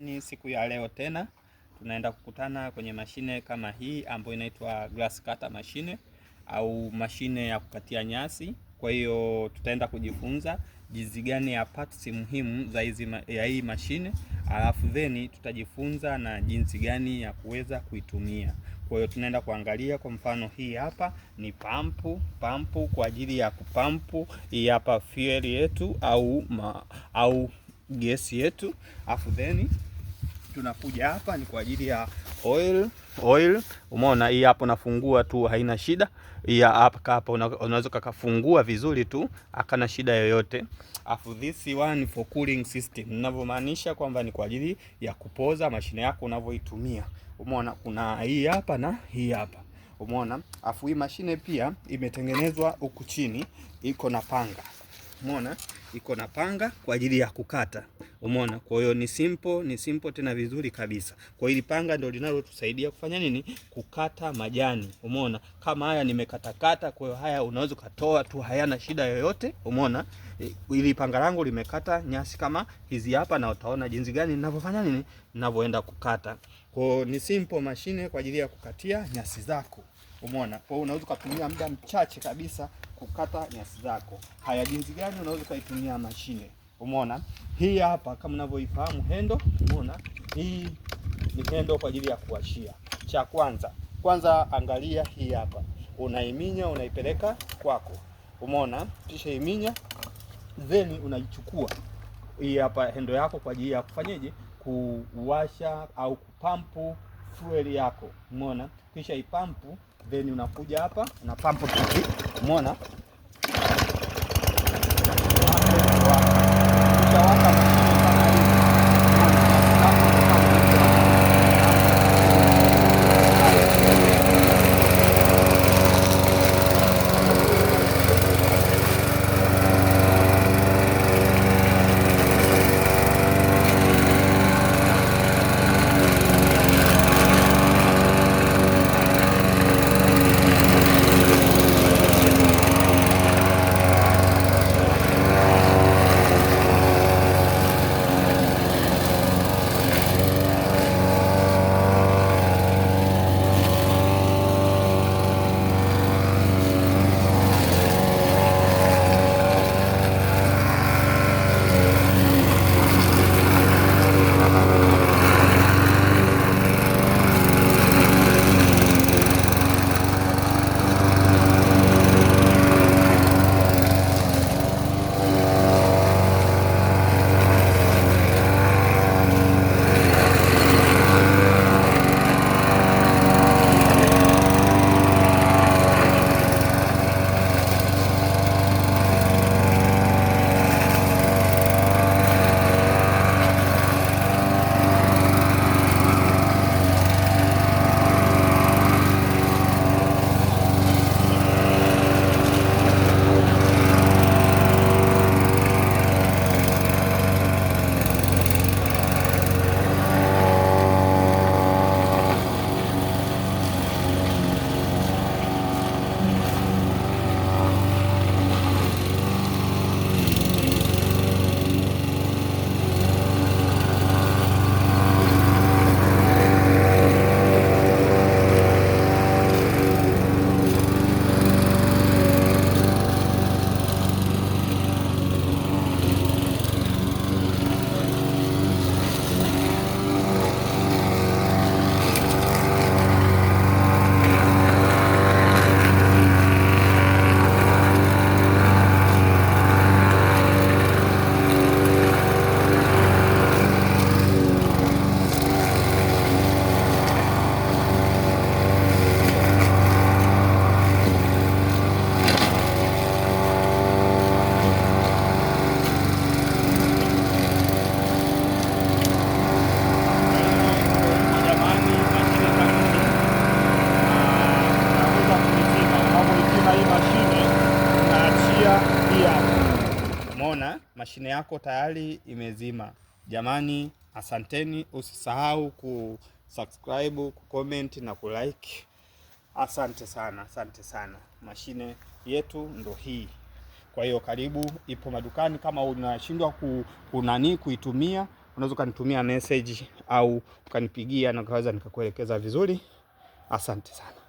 Ni siku ya leo tena tunaenda kukutana kwenye mashine kama hii ambayo inaitwa grass cutter mashine au mashine ya kukatia nyasi. Kwa hiyo tutaenda kujifunza jinsi gani ya parts muhimu za hizi ya hii mashine, alafu then tutajifunza na jinsi gani ya kuweza kuitumia. Kwa hiyo tunaenda kuangalia, kwa mfano hii hapa ni pampu, pampu kwa ajili ya kupampu. Hii hapa fuel yetu au ma, au gesi yetu, afu then tunakuja hapa ni kwa ajili ya oil oil. Umeona hii hapo, nafungua tu haina shida. Hii hapa hapa unaweza kakafungua vizuri tu akana shida yoyote. Afu this one for cooling system, ninavyomaanisha kwamba ni kwa ajili ya kupoza mashine yako unavyoitumia. Umeona kuna hii hapa na hii hapa umeona. Afu hii mashine pia imetengenezwa huku chini, iko na panga umeona iko na panga kwa ajili ya kukata. Umeona? Kwa hiyo ni simple, ni simple tena vizuri kabisa. Kwa hiyo panga ndio linalotusaidia kufanya nini? Kukata majani. Umeona? Kama haya nimekatakata, kwa hiyo haya unaweza ukatoa tu, hayana shida yoyote. Umeona? Hili eh, panga langu limekata nyasi kama hizi hapa, na utaona jinsi gani ninavyofanya nini, ninavyoenda kukata. Kwa hiyo ni simple mashine kwa ajili ya kukatia nyasi zako. Umeona? Kwa hiyo unaweza ukatumia muda mchache kabisa kukata nyasi zako. Haya, jinsi gani unaweza ukaitumia mashine? Umeona? Hii hapa kama unavyoifahamu hendo, umeona? Hii ni hendo kwa ajili ya kuwashia. Cha kwanza, kwanza angalia hii hapa. Unaiminya, unaipeleka kwako. Umeona? Kisha iminya, then unaichukua. Hii hapa hendo yako kwa ajili ya kufanyeje? Kuwasha au kupampu fueli yako. Umeona? Kisha ipampu then unakuja hapa una pump tu, umeona mashine yako tayari imezima. Jamani, asanteni, usisahau kusubscribe, kucomment na kulike. Asante sana, asante sana. Mashine yetu ndo hii. Kwa hiyo karibu, ipo madukani. Kama unashindwa ku, kunani kuitumia, unaweza ukanitumia message au ukanipigia na kaweza nikakuelekeza vizuri. Asante sana.